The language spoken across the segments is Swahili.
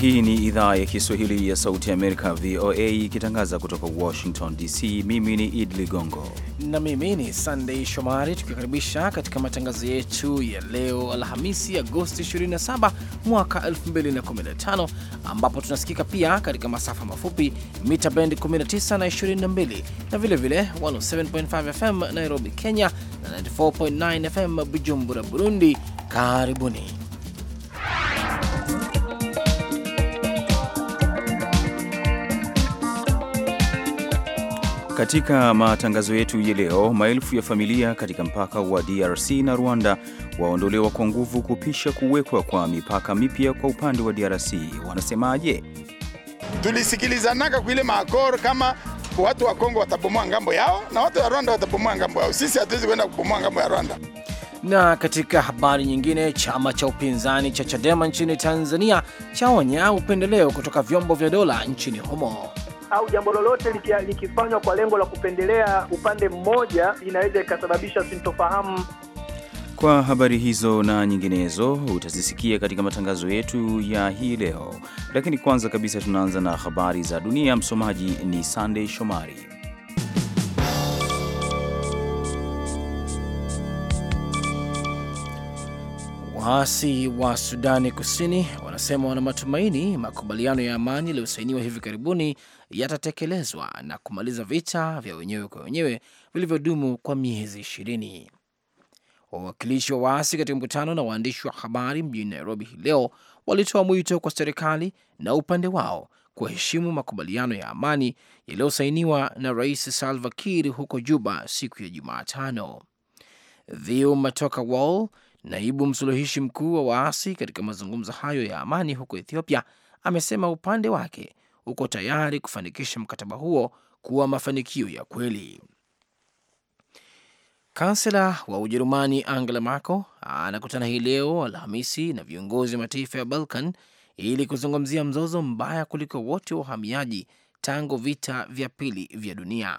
Hii ni idhaa ya Kiswahili ya Sauti ya Amerika, VOA, ikitangaza kutoka Washington DC. Mimi ni Idi Ligongo na mimi ni Sandei Shomari, tukikaribisha katika matangazo yetu ya leo Alhamisi, Agosti 27 mwaka 2015, ambapo tunasikika pia katika masafa mafupi mita bendi 19 na 22 na vilevile 107.5 FM Nairobi, Kenya na 94.9 FM Bujumbura, Burundi. Karibuni. Katika matangazo yetu ya leo, maelfu ya familia katika mpaka wa DRC na Rwanda waondolewa kwa nguvu kupisha kuwekwa kwa mipaka mipya kwa upande wa DRC. Wanasemaje? Tulisikilizanaka kuile maakoro kama watu wa Kongo watabomoa ngambo yao na watu wa Rwanda watabomoa ngambo yao. Sisi hatuwezi kwenda kubomoa ngambo ya Rwanda. Na katika habari nyingine, chama cha upinzani cha Chadema nchini Tanzania chaonya upendeleo kutoka vyombo vya dola nchini humo au jambo lolote likifanywa kwa lengo la kupendelea upande mmoja inaweza ikasababisha sintofahamu. Kwa habari hizo na nyinginezo utazisikia katika matangazo yetu ya hii leo, lakini kwanza kabisa tunaanza na habari za dunia. Msomaji ni Sandey Shomari. Waasi wa Sudani Kusini wanasema wana matumaini makubaliano ya amani yaliyosainiwa hivi karibuni yatatekelezwa na kumaliza vita vya wenyewe kwa wenyewe vilivyodumu kwa miezi ishirini. Wawakilishi wa waasi katika mkutano na waandishi wa habari mjini Nairobi hii leo walitoa mwito kwa serikali na upande wao kuheshimu makubaliano ya amani yaliyosainiwa na Rais Salva Kiir huko Juba siku ya Jumatano. Theo Matoka Wall, naibu msuluhishi mkuu wa waasi katika mazungumzo hayo ya amani huko Ethiopia, amesema upande wake uko tayari kufanikisha mkataba huo kuwa mafanikio ya kweli. Kansela wa Ujerumani Angela Merkel anakutana hii leo Alhamisi na viongozi wa mataifa ya Balkan ili kuzungumzia mzozo mbaya kuliko wote wa uhamiaji tangu vita vya pili vya dunia.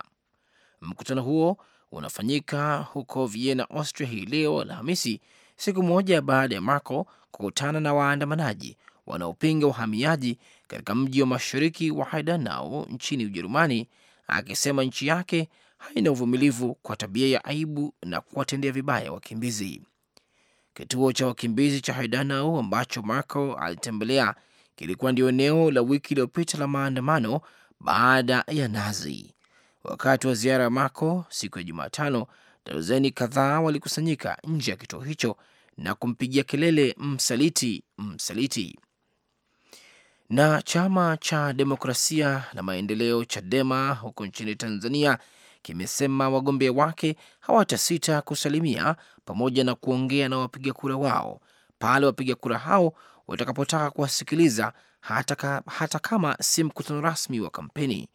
Mkutano huo unafanyika huko Vienna, Austria hii leo Alhamisi, siku moja baada ya Merkel kukutana na waandamanaji wanaopinga uhamiaji katika mji wa mashariki wa Heidenau nchini Ujerumani, akisema nchi yake haina uvumilivu kwa tabia ya aibu na kuwatendea vibaya wakimbizi. Kituo cha wakimbizi cha Heidenau ambacho Marco alitembelea kilikuwa ndio eneo la wiki iliyopita la maandamano baada ya Nazi. Wakati wa ziara ya Marco siku ya Jumatano, darzeni kadhaa walikusanyika nje ya kituo hicho na kumpigia kelele msaliti, msaliti. Na chama cha demokrasia na maendeleo Chadema huko nchini Tanzania kimesema wagombea wake hawatasita kusalimia pamoja na kuongea na wapiga kura wao pale wapiga kura hao watakapotaka kuwasikiliza hata, ka, hata kama si mkutano rasmi wa kampeni.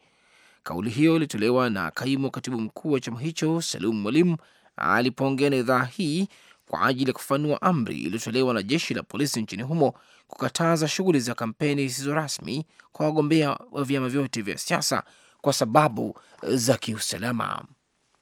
Kauli hiyo ilitolewa na kaimu katibu mkuu wa chama hicho Salum Mwalimu alipoongea na idhaa hii kwa ajili ya kufanua amri iliyotolewa na jeshi la polisi nchini humo kukataza shughuli za kampeni zisizo rasmi kwa wagombea wa vyama vyote vya siasa kwa sababu eh, za kiusalama.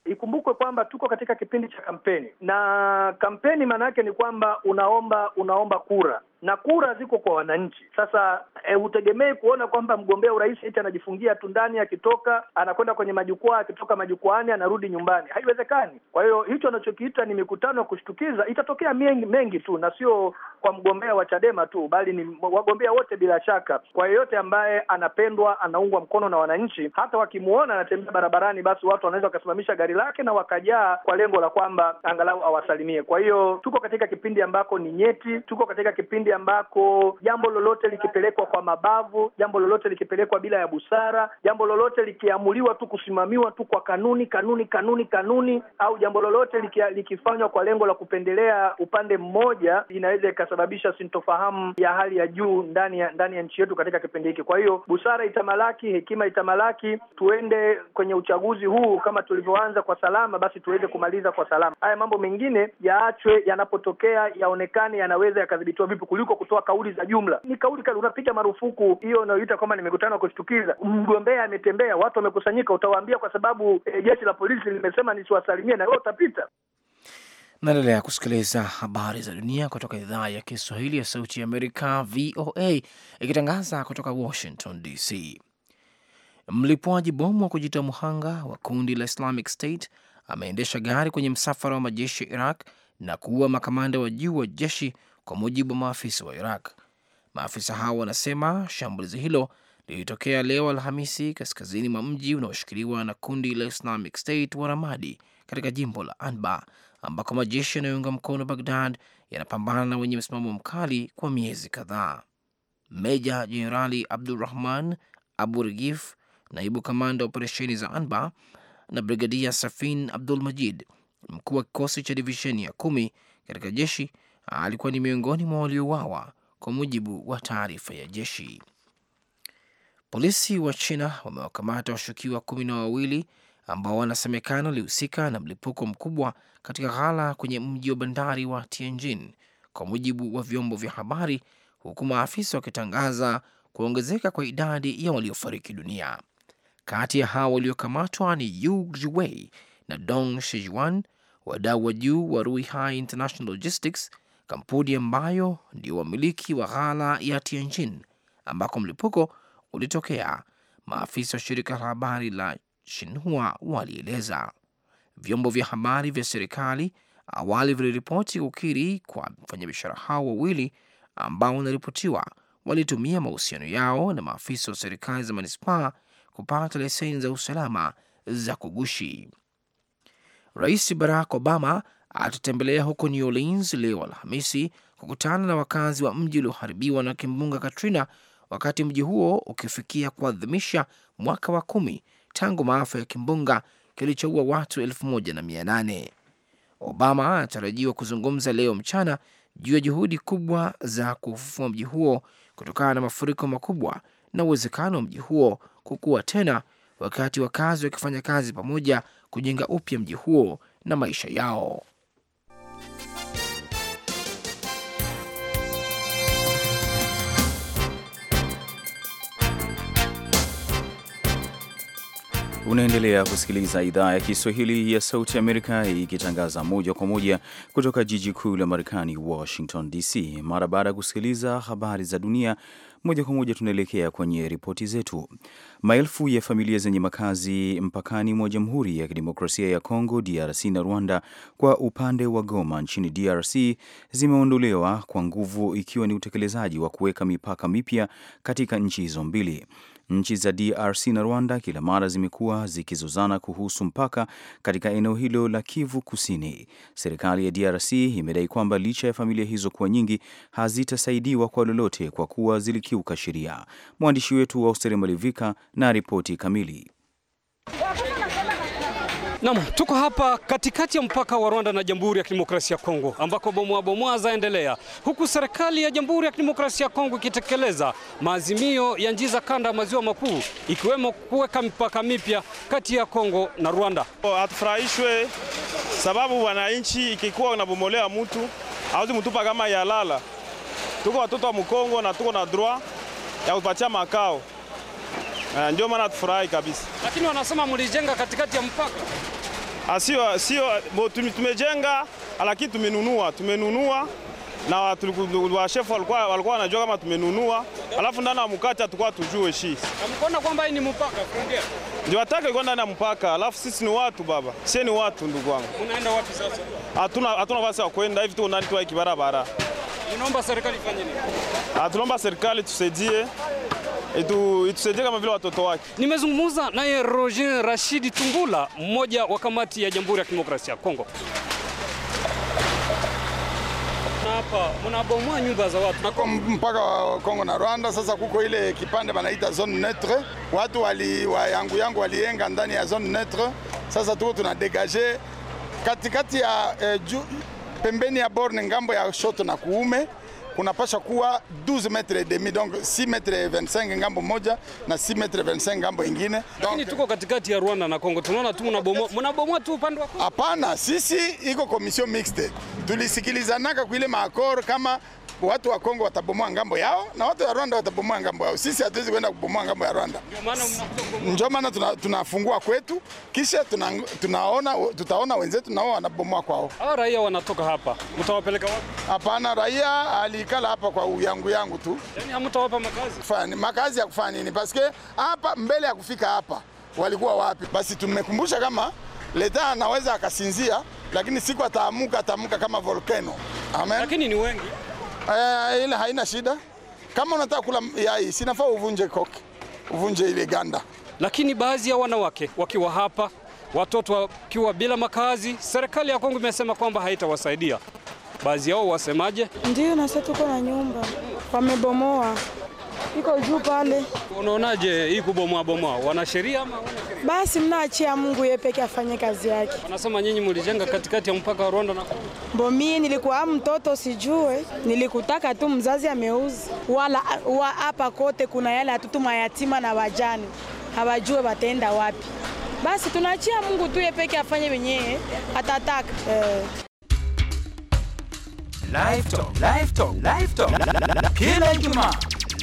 Ikumbukwe kwamba tuko katika kipindi cha kampeni na kampeni, maana yake ni kwamba unaomba unaomba kura na kura ziko kwa wananchi. Sasa eh, hutegemei eh, kuona kwamba mgombea urais eti anajifungia tu ndani, akitoka anakwenda kwenye majukwaa, akitoka majukwaani anarudi nyumbani, haiwezekani. Kwa hiyo hicho anachokiita ni mikutano ya kushtukiza itatokea mengi, mengi tu na sio kwa mgombea wa Chadema tu, bali ni wagombea wote bila shaka. Kwa yeyote ambaye anapendwa, anaungwa mkono na wananchi, hata wakimwona anatembea barabarani, basi watu wanaweza wakasimamisha gari lake na wakajaa kwa lengo la kwamba angalau awasalimie. Kwa hiyo tuko katika kipindi ambako ni nyeti, tuko katika kipindi ambako jambo lolote likipelekwa kwa mabavu, jambo lolote likipelekwa bila ya busara, jambo lolote likiamuliwa tu kusimamiwa tu kwa kanuni kanuni kanuni kanuni, au jambo lolote likifanywa kwa lengo la kupendelea upande mmoja, inaweza ikasababisha sintofahamu ya hali ya juu ndani ya ndani ya nchi yetu katika kipindi hiki. Kwa hiyo busara itamalaki, hekima itamalaki, tuende kwenye uchaguzi huu kama tulivyoanza kwa salama, basi tuweze kumaliza kwa salama. Haya mambo mengine yaachwe, yanapotokea yaonekane yanaweza yakadhibitiwa vipi kuliko kutoa kauli za jumla. Ni kauli kali, unapiga marufuku hiyo unayoita kwamba ni mikutano ya kushtukiza. Mgombea ametembea, watu wamekusanyika, utawaambia kwa sababu e, jeshi la polisi limesema nisiwasalimie, na wewe utapita. Naendelea kusikiliza habari za dunia kutoka idhaa ya Kiswahili ya Sauti ya Amerika, VOA, ikitangaza kutoka Washington DC. Mlipuaji bomu wa kujitoa muhanga wa kundi la Islamic State ameendesha gari kwenye msafara wa majeshi ya Iraq na kuua makamanda wa juu wa jeshi kwa mujibu wa maafisa wa Iraq. Maafisa hao wanasema shambulizi hilo lilitokea leo Alhamisi kaskazini mwa mji unaoshikiliwa na kundi la Islamic State wa Ramadi katika jimbo la Anbar ambako majeshi yanayounga mkono Bagdad yanapambana na wenye msimamo mkali kwa miezi kadhaa. Meja Jenerali Abdurahman Abu regif naibu kamanda wa operesheni za Anbar, na Brigadia Safin Abdul Majid, mkuu wa kikosi cha divisheni ya kumi katika jeshi alikuwa ni miongoni mwa waliouawa, kwa mujibu wa taarifa ya jeshi. Polisi wa China wamewakamata washukiwa kumi na wawili ambao wanasemekana walihusika na mlipuko mkubwa katika ghala kwenye mji wa bandari wa Tianjin, kwa mujibu wa vyombo vya habari, huku maafisa wakitangaza kuongezeka kwa idadi ya waliofariki dunia. Kati ya hao waliokamatwa ni Yu Jiwei na Dong Shijuan, wadau wa juu wa Ruihai International Logistics kampuni ambayo ndio wamiliki wa ghala ya Tianjin ambako mlipuko ulitokea. Maafisa wa shirika la habari la Shinhua walieleza vyombo vya habari vya serikali awali viliripoti kukiri kwa wafanyabiashara hao wawili ambao wanaripotiwa walitumia mahusiano yao na maafisa wa serikali za manispaa kupata leseni za usalama za kugushi. Rais Barack Obama atatembelea huko New Orleans leo Alhamisi kukutana na wakazi wa mji ulioharibiwa na kimbunga Katrina, wakati mji huo ukifikia kuadhimisha mwaka wa kumi tangu maafa ya kimbunga kilichoua watu elfu moja na mia nane. Obama anatarajiwa kuzungumza leo mchana juu ya juhudi kubwa za kufufua mji huo kutokana na mafuriko makubwa na uwezekano wa mji huo kukua tena, wakati wakazi wakifanya kazi pamoja kujenga upya mji huo na maisha yao. Unaendelea kusikiliza idhaa ya Kiswahili ya Sauti Amerika ikitangaza moja kwa moja kutoka jiji kuu la Marekani, Washington DC. Mara baada ya kusikiliza habari za dunia moja kwa moja, tunaelekea kwenye ripoti zetu. Maelfu ya familia zenye makazi mpakani mwa Jamhuri ya Kidemokrasia ya Kongo, DRC na Rwanda kwa upande wa Goma nchini DRC zimeondolewa kwa nguvu, ikiwa ni utekelezaji wa kuweka mipaka mipya katika nchi hizo mbili. Nchi za DRC na Rwanda kila mara zimekuwa zikizozana kuhusu mpaka katika eneo hilo la Kivu Kusini. Serikali ya DRC imedai kwamba licha ya familia hizo kuwa nyingi, hazitasaidiwa kwa lolote kwa kuwa zilikiuka sheria. Mwandishi wetu wa Austeri Malivika na ripoti kamili Naam, tuko hapa katikati ya mpaka wa Rwanda na Jamhuri ya Kidemokrasia ya Kongo ambako bomoa bomoa zaendelea huku serikali ya Jamhuri ya Kidemokrasia ya Kongo ikitekeleza maazimio ya nchi za kanda ya maziwa makuu ikiwemo kuweka mipaka mipya kati ya Kongo na Rwanda. Oh, hatufurahishwe sababu wananchi, ikikuwa unabomolea mtu hawezi mtupa kama yalala. Tuko watoto wa Mkongo na tuko na droit ya kupatia makao, eh, ndio maana tufurahi kabisa. Lakini wanasema mlijenga katikati ya mpaka Ah, sio, sio tumejenga, lakini tumenunua, tumenunua na chef walikuwa walikuwa wanajua kama tumenunua, alafu ndani ya mkate hatakuwa tujue shi amkona kwamba hii ni mpaka kuongea ndio atake kwenda ndani ya mpaka, alafu sisi ni watu baba, sisi ni watu ndugu wangu. Unaenda wapi sasa? Hatuna hatuna basi ya kwenda hivi tu, ndani tu kibarabara Tunaomba serikali ifanye nini? Ah, tunaomba serikali tusaidie itu itusaidie kama vile watoto wake. Nimezungumza naye Roger Rashidi Tungula, mmoja wa kamati ya Jamhuri ya Kidemokrasia ya Kongo. Hapa mnabomoa nyumba za watu nako mpaka Kongo na Rwanda. Sasa kuko ile kipande banaita zone neutre, watu wali wa yangu yangu walienga ndani ya zone neutre. Sasa tuko tunadegaje katikati ya eh, ju, pembeni ya borne ngambo ya shoto na kuume kunapasha kuwa 12 metre et demi donc 6 metre 25 ngambo moja na 6 metre 25 ngambo ingine. Lakini tuko katikati ya Rwanda na Kongo, tunaona tu mnabomoa mnabomoa tu upande wa Kongo. Hapana, sisi iko commission mixte, tulisikilizanaka kuile maakor kama watu wa Kongo watabomoa ngambo yao na watu wa Rwanda watabomoa ngambo yao. Sisi hatuwezi kwenda kubomoa ngambo ya Rwanda, ndio maana tunafungua kwetu, kisha tuna, tunaona tutaona wenzetu nao wanabomoa kwao. Hao raia wanatoka hapa, mtawapeleka wapi? Hapana, raia alikala hapa kwa uyangu yangu tu, yani hamtawapa makazi fani, makazi ya kufanya nini? Paske hapa mbele ya kufika hapa walikuwa wapi? Basi tumekumbusha kama leta anaweza akasinzia, lakini siku ataamuka, ataamuka kama volcano. Amen. Lakini ni wengi Eh, ile haina shida. Kama unataka kula yai sinafaa uvunje koki, uvunje ile ganda. Lakini baadhi ya wanawake wakiwa hapa, watoto wakiwa bila makazi, serikali ya Kongo imesema kwamba haitawasaidia. Baadhi yao wasemaje? Ndio, na sasa tuko na nyumba wamebomoa iko juu pale. Unaonaje hii kubomoa bomoa, wana sheria ama wana sheria? Basi mnaachia Mungu yeye peke afanye kazi yake. Wanasema nyinyi mlijenga katikati ya mpaka wa Rwanda na Kongo. Mbomi nilikuwa ah, mtoto sijue, nilikutaka tu mzazi ameuzi wala wa hapa kote kuna yale watoto mayatima na wajane hawajue wataenda wapi. Basi tunaachia Mungu tu yeye peke afanye wenyewe atataka eh. Live talk, live talk, live talk. Kila Ijumaa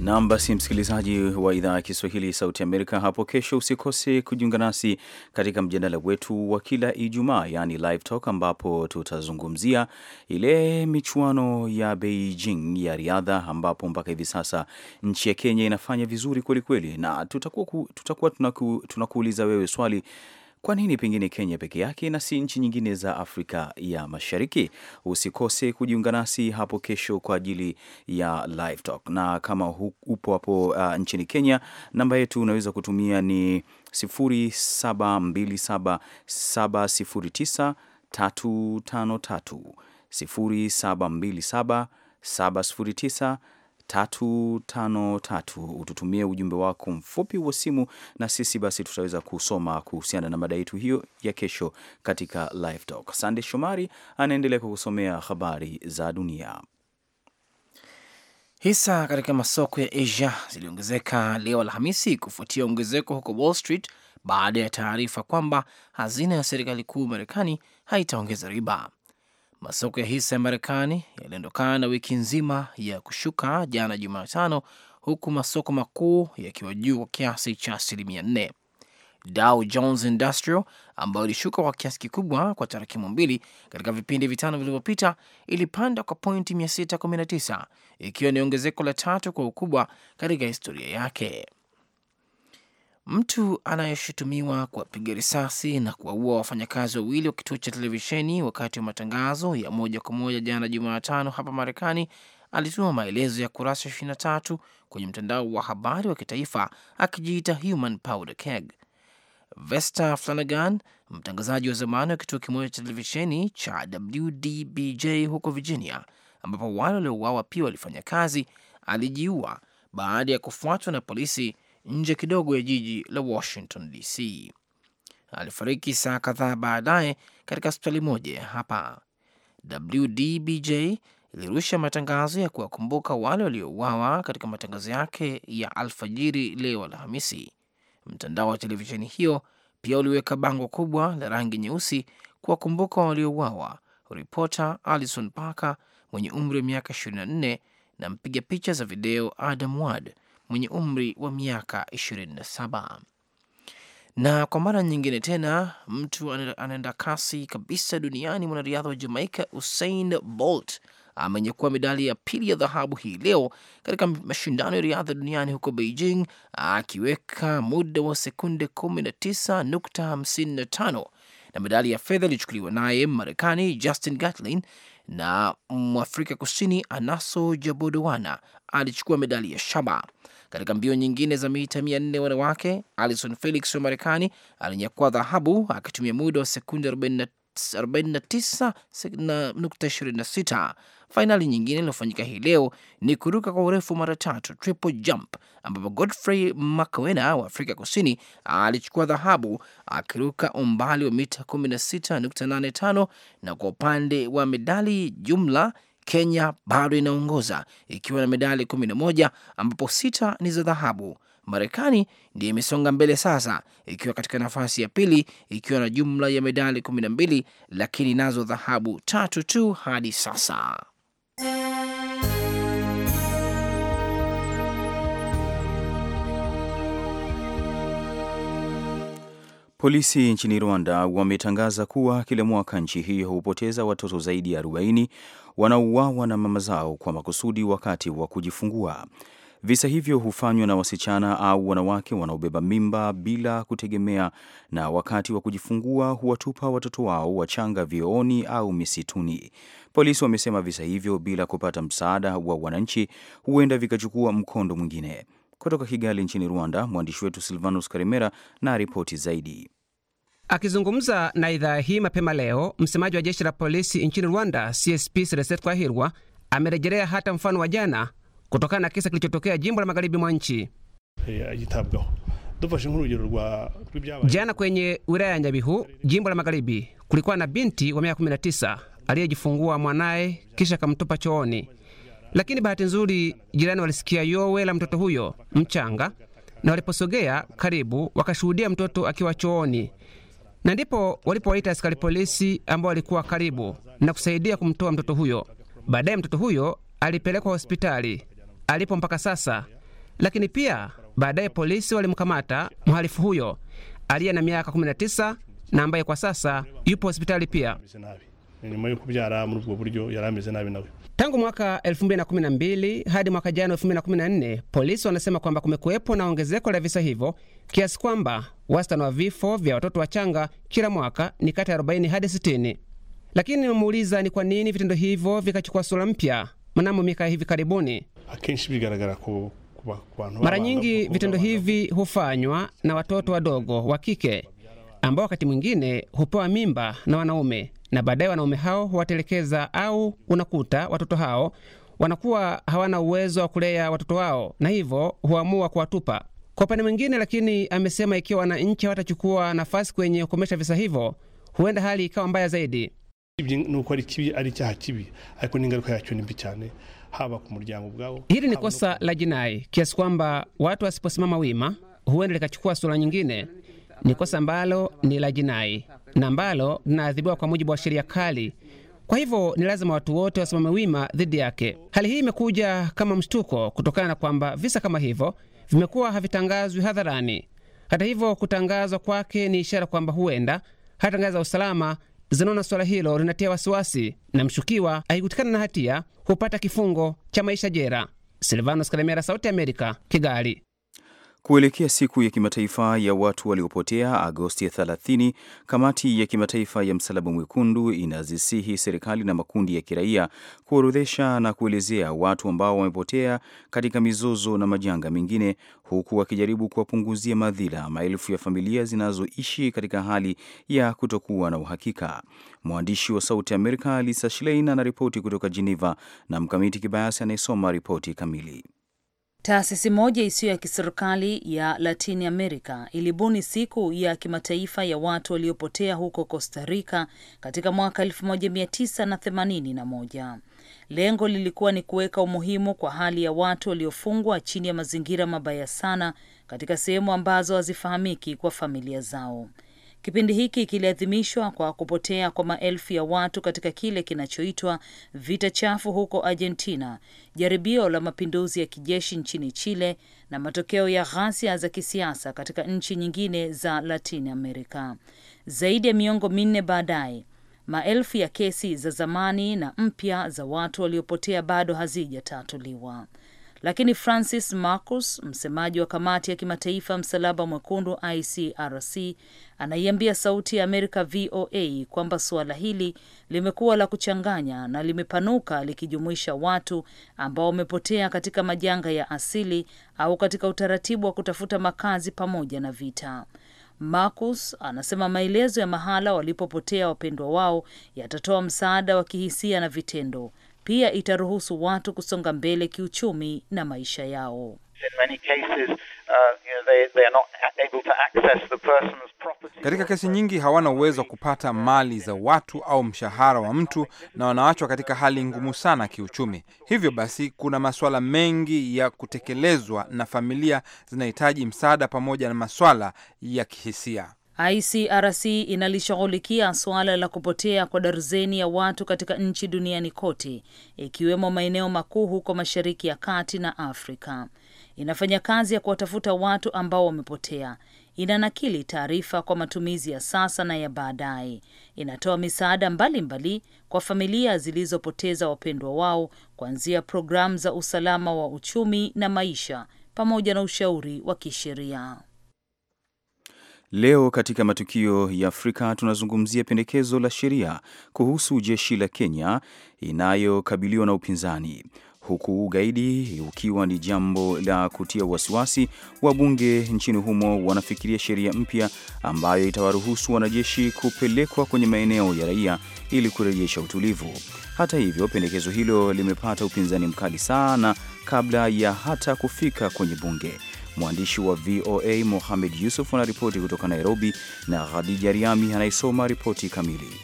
Nam, basi msikilizaji wa idhaa ya Kiswahili ya Sauti Amerika, hapo kesho usikose kujiunga nasi katika mjadala wetu wa kila Ijumaa, yaani Live Talk, ambapo tutazungumzia ile michuano ya Beijing ya riadha, ambapo mpaka hivi sasa nchi ya Kenya inafanya vizuri kwelikweli, na tutakuwa, tutakuwa tunaku, tunakuuliza wewe swali kwa nini pengine Kenya peke yake na si nchi nyingine za Afrika ya Mashariki? Usikose kujiunga nasi hapo kesho kwa ajili ya live talk, na kama upo hapo uh, nchini Kenya, namba yetu unaweza kutumia ni 0727709353 353 ututumie ujumbe wako mfupi wa simu, na sisi basi tutaweza kusoma kuhusiana na mada yetu hiyo ya kesho katika live talk. Sande Shomari anaendelea kukusomea habari za dunia. Hisa katika masoko ya Asia ziliongezeka leo Alhamisi kufuatia ongezeko huko Wall Street baada ya taarifa kwamba hazina ya serikali kuu Marekani haitaongeza riba. Masoko ya hisa ya Marekani yaliondokana na wiki nzima ya kushuka jana Jumatano, huku masoko makuu yakiwa juu kwa kiasi cha asilimia nne. Dow Jones Industrial ambayo ilishuka kwa kiasi kikubwa kwa tarakimu mbili katika vipindi vitano vilivyopita ilipanda kwa pointi 619 ikiwa ni ongezeko la tatu kwa ukubwa katika historia yake. Mtu anayeshutumiwa kuwapiga risasi na kuwaua wafanyakazi wawili wa kituo cha televisheni wakati wa matangazo ya moja kwa moja jana Jumatano hapa Marekani alituma maelezo ya kurasa 23 kwenye mtandao wa habari wa kitaifa akijiita Human Powder Keg. Vesta Flanagan, mtangazaji wa zamani wa kituo kimoja cha televisheni cha WDBJ huko Virginia, ambapo wale waliouawa pia walifanya kazi, alijiua baada ya kufuatwa na polisi nje kidogo ya jiji la Washington DC. Alifariki saa kadhaa baadaye katika hospitali moja ya hapa. WDBJ ilirusha matangazo ya kuwakumbuka wale waliouawa katika matangazo yake ya alfajiri leo Alhamisi. Mtandao wa televisheni hiyo pia uliweka bango kubwa la rangi nyeusi kuwakumbuka waliouawa ripota Alison Parker mwenye umri wa miaka 24 na mpiga picha za video Adam Ward mwenye umri wa miaka 27. Na kwa mara nyingine tena mtu anaenda kasi kabisa duniani, mwanariadha wa Jamaika Usain Bolt amenyekua medali ya pili ya dhahabu hii leo katika mashindano ya riadha duniani huko Beijing, akiweka muda wa sekunde 19.55 na medali ya fedha ilichukuliwa naye Marekani Justin Gatlin na Mwafrika Kusini Anaso Jabodowana alichukua medali ya shaba. Katika mbio nyingine za mita 400 wanawake, Alison Felix wa Marekani alinyakua dhahabu akitumia muda wa sekunde 49.26. Fainali nyingine iliyofanyika hii leo ni kuruka kwa urefu mara tatu triple jump, ambapo Godfrey Makwena wa Afrika Kusini alichukua dhahabu akiruka umbali wa mita 16.85, na kwa upande wa medali jumla Kenya bado inaongoza ikiwa na medali 11 ambapo sita ni za dhahabu. Marekani ndiyo imesonga mbele sasa ikiwa katika nafasi ya pili ikiwa na jumla ya medali 12 lakini nazo dhahabu tatu tu hadi sasa. Polisi nchini Rwanda wametangaza kuwa kila mwaka nchi hiyo hupoteza watoto zaidi ya wanauawa na mama zao kwa makusudi wakati wa kujifungua. Visa hivyo hufanywa na wasichana au wanawake wanaobeba mimba bila kutegemea, na wakati wa kujifungua huwatupa watoto wao wachanga vyooni au misituni. Polisi wamesema visa hivyo bila kupata msaada wa wananchi huenda vikachukua mkondo mwingine. Kutoka Kigali nchini Rwanda, mwandishi wetu Silvanus Karimera na ripoti zaidi. Akizungumza na idhaa hii mapema leo, msemaji wa jeshi la polisi nchini Rwanda, CSP Celestin Twahirwa, amerejelea hata mfano wa jana kutokana na kisa kilichotokea jimbo la magharibi mwa nchi. Jana kwenye wilaya ya Nyabihu, jimbo la magharibi, kulikuwa na binti wa miaka 19 aliyejifungua mwanaye kisha akamtupa chooni, lakini bahati nzuri jirani walisikia yowe la mtoto huyo mchanga, na waliposogea karibu wakashuhudia mtoto akiwa chooni na ndipo walipowaita askari polisi ambao walikuwa karibu na kusaidia kumtoa mtoto huyo. Baadaye mtoto huyo alipelekwa hospitali alipo mpaka sasa, lakini pia baadaye polisi walimkamata mhalifu huyo aliye na miaka 19 na ambaye kwa sasa yupo hospitali pia nyuma yo kubyara muri ubwo buryo yarameze nabi nawe. Tangu mwaka 2012 hadi mwaka jana 2014, polisi wanasema kwamba kumekuwepo na ongezeko la visa hivyo kiasi kwamba wastani wa vifo vya watoto wachanga kila mwaka ni kati ya 40 hadi 60. Lakini nimemuuliza ni kwa nini vitendo hivyo vikachukua sura mpya mnamo miaka hivi karibuni. Akenshi bigaragara ku mara nyingi vitendo hivi hufanywa na watoto wadogo wa kike ambao wakati mwingine hupewa mimba na wanaume na baadaye wanaume hao huwatelekeza au unakuta watoto hao wanakuwa hawana uwezo wa kulea watoto wao na hivyo huamua kuwatupa. Kwa upande mwingine lakini, amesema ikiwa wananchi hawatachukua nafasi kwenye kukomesha visa hivyo, huenda hali ikawa mbaya zaidi. Hili ni kosa la jinai kiasi kwamba watu wasiposimama wima, huenda likachukua sura nyingine. Ni kosa ambalo ni la jinai na ambalo linaadhibiwa kwa mujibu wa sheria kali. Kwa hivyo ni lazima watu wote wasimame wima dhidi yake. Hali hii imekuja kama mshtuko kutokana na kwamba visa kama hivyo vimekuwa havitangazwi hadharani. Hata hivyo, kutangazwa kwake ni ishara kwamba huenda hata ngazi za usalama zinaona suala hilo linatia wasiwasi, na mshukiwa akikutikana na hatia hupata kifungo cha maisha jela. Silvanos Kalemera, Sauti ya Amerika, Kigali. Kuelekea siku ya kimataifa ya watu waliopotea Agosti 30, kamati ya kimataifa ya Msalaba Mwekundu inazisihi serikali na makundi ya kiraia kuorodhesha na kuelezea watu ambao wamepotea katika mizozo na majanga mengine, huku wakijaribu kuwapunguzia madhila maelfu ya familia zinazoishi katika hali ya kutokuwa na uhakika. Mwandishi wa Sauti Amerika Lisa Schlein anaripoti kutoka Geneva na Mkamiti Kibayasi anayesoma ripoti kamili. Taasisi moja isiyo ya kiserikali ya Latin America ilibuni siku ya kimataifa ya watu waliopotea huko Costa Rica katika mwaka 1981. Lengo lilikuwa ni kuweka umuhimu kwa hali ya watu waliofungwa chini ya mazingira mabaya sana katika sehemu ambazo hazifahamiki kwa familia zao kipindi hiki kiliadhimishwa kwa kupotea kwa maelfu ya watu katika kile kinachoitwa vita chafu huko Argentina, jaribio la mapinduzi ya kijeshi nchini Chile na matokeo ya ghasia za kisiasa katika nchi nyingine za Latin America. Zaidi ya miongo minne baadaye, maelfu ya kesi za zamani na mpya za watu waliopotea bado hazijatatuliwa. Lakini Francis Marcus, msemaji wa kamati ya kimataifa msalaba mwekundu ICRC, anaiambia Sauti ya Amerika VOA kwamba suala hili limekuwa la kuchanganya na limepanuka likijumuisha watu ambao wamepotea katika majanga ya asili au katika utaratibu wa kutafuta makazi pamoja na vita. Marcus anasema maelezo ya mahala walipopotea wapendwa wao yatatoa msaada wa kihisia na vitendo pia itaruhusu watu kusonga mbele kiuchumi na maisha yao. Uh, katika kesi nyingi hawana uwezo wa kupata mali za watu au mshahara wa mtu, na wanaachwa katika hali ngumu sana kiuchumi. Hivyo basi, kuna masuala mengi ya kutekelezwa na familia zinahitaji msaada pamoja na masuala ya kihisia. ICRC inalishughulikia suala la kupotea kwa darzeni ya watu katika nchi duniani kote, ikiwemo maeneo makuu huko Mashariki ya Kati na Afrika. Inafanya kazi ya kuwatafuta watu ambao wamepotea. Inanakili taarifa kwa matumizi ya sasa na ya baadaye. Inatoa misaada mbalimbali kwa familia zilizopoteza wapendwa wao, kuanzia programu za usalama wa uchumi na maisha pamoja na ushauri wa kisheria. Leo katika matukio ya Afrika tunazungumzia pendekezo la sheria kuhusu jeshi la Kenya inayokabiliwa na upinzani huku ugaidi ukiwa ni jambo la kutia wasiwasi. Wabunge nchini humo wanafikiria sheria mpya ambayo itawaruhusu wanajeshi kupelekwa kwenye maeneo ya raia ili kurejesha utulivu. Hata hivyo, pendekezo hilo limepata upinzani mkali sana kabla ya hata kufika kwenye bunge. Mwandishi wa VOA Mohamed Yusuf anaripoti kutoka Nairobi na Khadija Riami anayesoma ripoti kamili.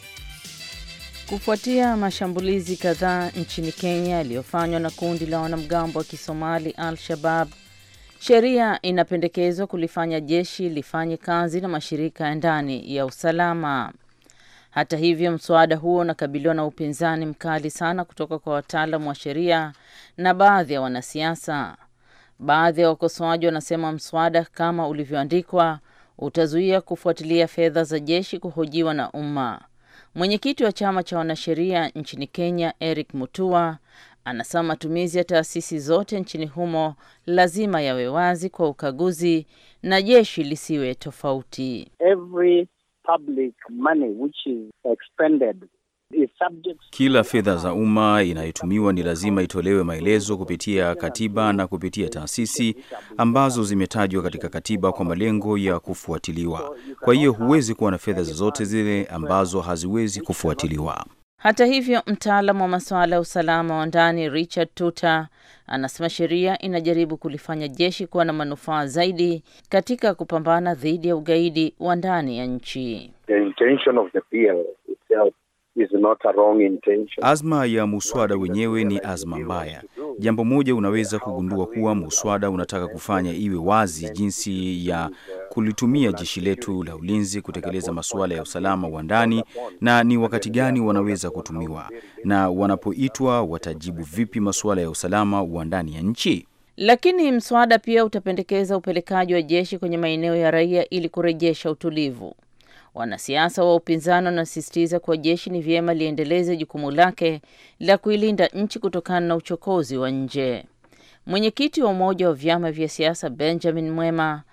Kufuatia mashambulizi kadhaa nchini Kenya yaliyofanywa na kundi la wanamgambo wa Kisomali Al-Shabab, sheria inapendekezwa kulifanya jeshi lifanye kazi na mashirika ya ndani ya usalama. Hata hivyo, mswada huo unakabiliwa na upinzani mkali sana kutoka kwa wataalamu wa sheria na baadhi ya wanasiasa. Baadhi ya wakosoaji wanasema mswada kama ulivyoandikwa utazuia kufuatilia fedha za jeshi kuhojiwa na umma. Mwenyekiti wa chama cha wanasheria nchini Kenya, Eric Mutua, anasema matumizi ya taasisi zote nchini humo lazima yawe wazi kwa ukaguzi na jeshi lisiwe tofauti. Every public money which is expended kila fedha za umma inayotumiwa ni lazima itolewe maelezo kupitia katiba na kupitia taasisi ambazo zimetajwa katika katiba kwa malengo ya kufuatiliwa. Kwa hiyo huwezi kuwa na fedha zozote zile ambazo haziwezi kufuatiliwa. Hata hivyo, mtaalamu wa masuala ya usalama wa ndani Richard Tuta anasema sheria inajaribu kulifanya jeshi kuwa na manufaa zaidi katika kupambana dhidi ya ugaidi wa ndani ya nchi. The intention of the itself is not a wrong intention. Azma ya muswada wenyewe ni azma mbaya. Jambo moja unaweza kugundua kuwa muswada unataka kufanya iwe wazi jinsi ya kulitumia jeshi letu la ulinzi kutekeleza masuala ya usalama wa ndani na ni wakati gani wanaweza kutumiwa na wanapoitwa watajibu vipi masuala ya usalama wa ndani ya nchi. Lakini mswada pia utapendekeza upelekaji wa jeshi kwenye maeneo ya raia ili kurejesha utulivu. Wanasiasa wa upinzani wanasisitiza kuwa jeshi ni vyema liendeleze jukumu lake la kuilinda nchi kutokana na uchokozi wa nje. Mwenyekiti wa umoja wa vyama vya siasa Benjamin Mwema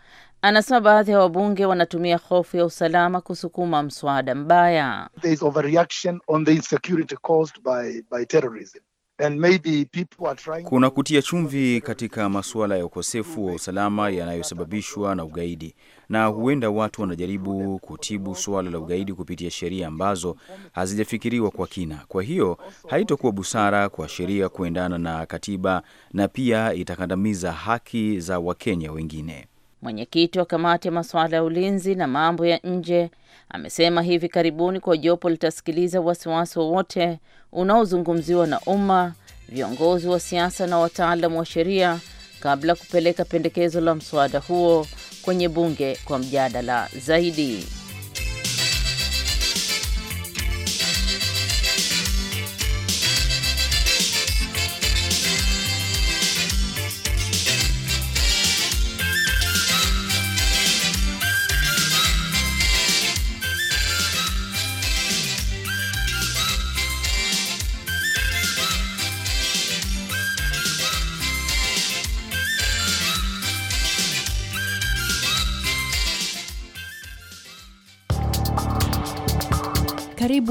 anasema baadhi ya wabunge wanatumia hofu ya usalama kusukuma mswada mbaya. There is overreaction on the insecurity caused by, by terrorism. And maybe people are trying... kuna kutia chumvi katika masuala ya ukosefu wa usalama yanayosababishwa na ugaidi, na huenda watu wanajaribu kutibu suala la ugaidi kupitia sheria ambazo hazijafikiriwa kwa kina. Kwa hiyo haitokuwa busara kwa sheria kuendana na katiba, na pia itakandamiza haki za Wakenya wengine. Mwenyekiti wa kamati ya masuala ya ulinzi na mambo ya nje amesema hivi karibuni kwa jopo litasikiliza wasiwasi wowote unaozungumziwa na umma, viongozi wa siasa na wataalamu wa sheria kabla kupeleka pendekezo la mswada huo kwenye bunge kwa mjadala zaidi.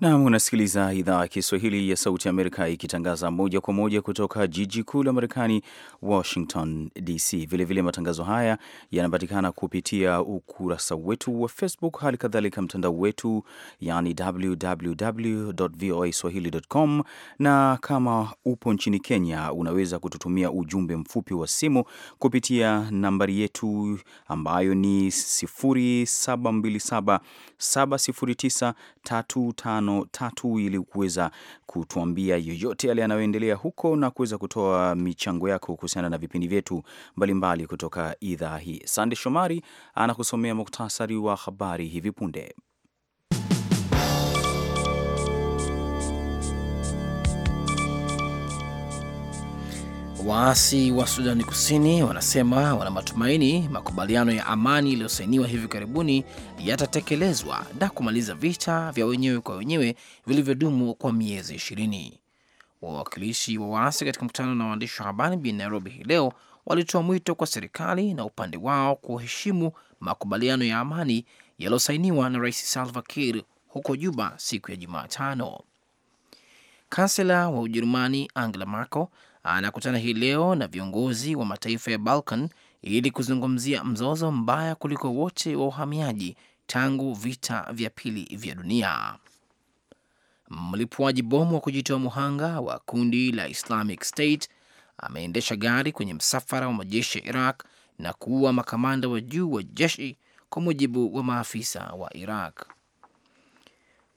Nam, unasikiliza idhaa ya Kiswahili ya Sauti ya Amerika ikitangaza moja kwa moja kutoka jiji kuu la Marekani, Washington DC. Vilevile matangazo haya yanapatikana kupitia ukurasa wetu wa Facebook, hali kadhalika mtandao wetu yani www voa swahili.com, na kama upo nchini Kenya unaweza kututumia ujumbe mfupi wa simu kupitia nambari yetu ambayo ni 07277093 tano ili kuweza kutuambia yoyote yale yanayoendelea huko na kuweza kutoa michango yako kuhusiana na vipindi vyetu mbalimbali kutoka idhaa hii. Sande Shomari anakusomea muktasari wa habari hivi punde. Waasi wa Sudani Kusini wanasema wana matumaini makubaliano ya amani yaliyosainiwa hivi karibuni yatatekelezwa na kumaliza vita vya wenyewe kwa wenyewe vilivyodumu kwa miezi ishirini. Wawakilishi wa waasi katika mkutano na waandishi wa habari mjini Nairobi hii leo walitoa mwito kwa serikali na upande wao kuheshimu makubaliano ya amani yaliyosainiwa na Rais Salva Kiir huko Juba siku ya Jumatano. Kansela wa Ujerumani Angela Merkel anakutana hii leo na viongozi wa mataifa ya Balkan ili kuzungumzia mzozo mbaya kuliko wote wa uhamiaji tangu vita vya pili vya dunia. Mlipuaji bomu wa kujitoa muhanga wa kundi la Islamic State ameendesha gari kwenye msafara wa majeshi ya Iraq na kuua makamanda wa juu wa jeshi, kwa mujibu wa maafisa wa Iraq.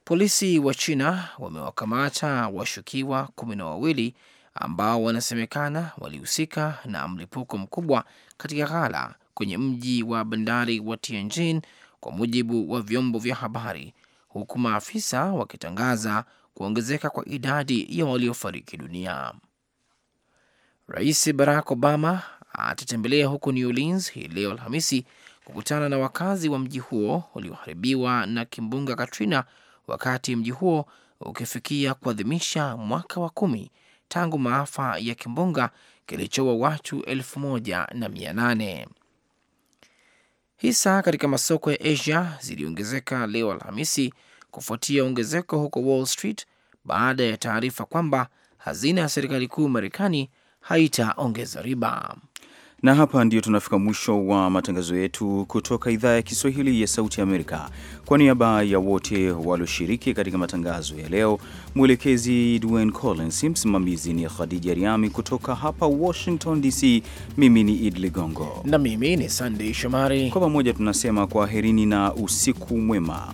Polisi wa China wamewakamata washukiwa kumi na wawili ambao wanasemekana walihusika na mlipuko mkubwa katika ghala kwenye mji wa bandari wa Tianjin, kwa mujibu wa vyombo vya habari, huku maafisa wakitangaza kuongezeka kwa idadi ya waliofariki dunia. Rais Barack Obama atatembelea huko New Orleans hii leo Alhamisi kukutana na wakazi wa mji huo ulioharibiwa na kimbunga Katrina, wakati mji huo ukifikia kuadhimisha mwaka wa kumi tangu maafa ya kimbunga kilichoua watu elfu moja na mia nane. Hisa katika masoko ya Asia ziliongezeka leo Alhamisi kufuatia ongezeko huko Wall Street baada ya taarifa kwamba hazina ya serikali kuu Marekani haitaongeza riba. Na hapa ndio tunafika mwisho wa matangazo yetu kutoka idhaa ya Kiswahili ya Sauti Amerika. Kwa niaba ya wote walioshiriki katika matangazo ya leo, mwelekezi Dwayne Collins, msimamizi ni Khadija Riami. Kutoka hapa Washington DC, mimi ni Idi Ligongo na mimi ni Sandei Shomari. Kwa pamoja tunasema kwaherini na usiku mwema.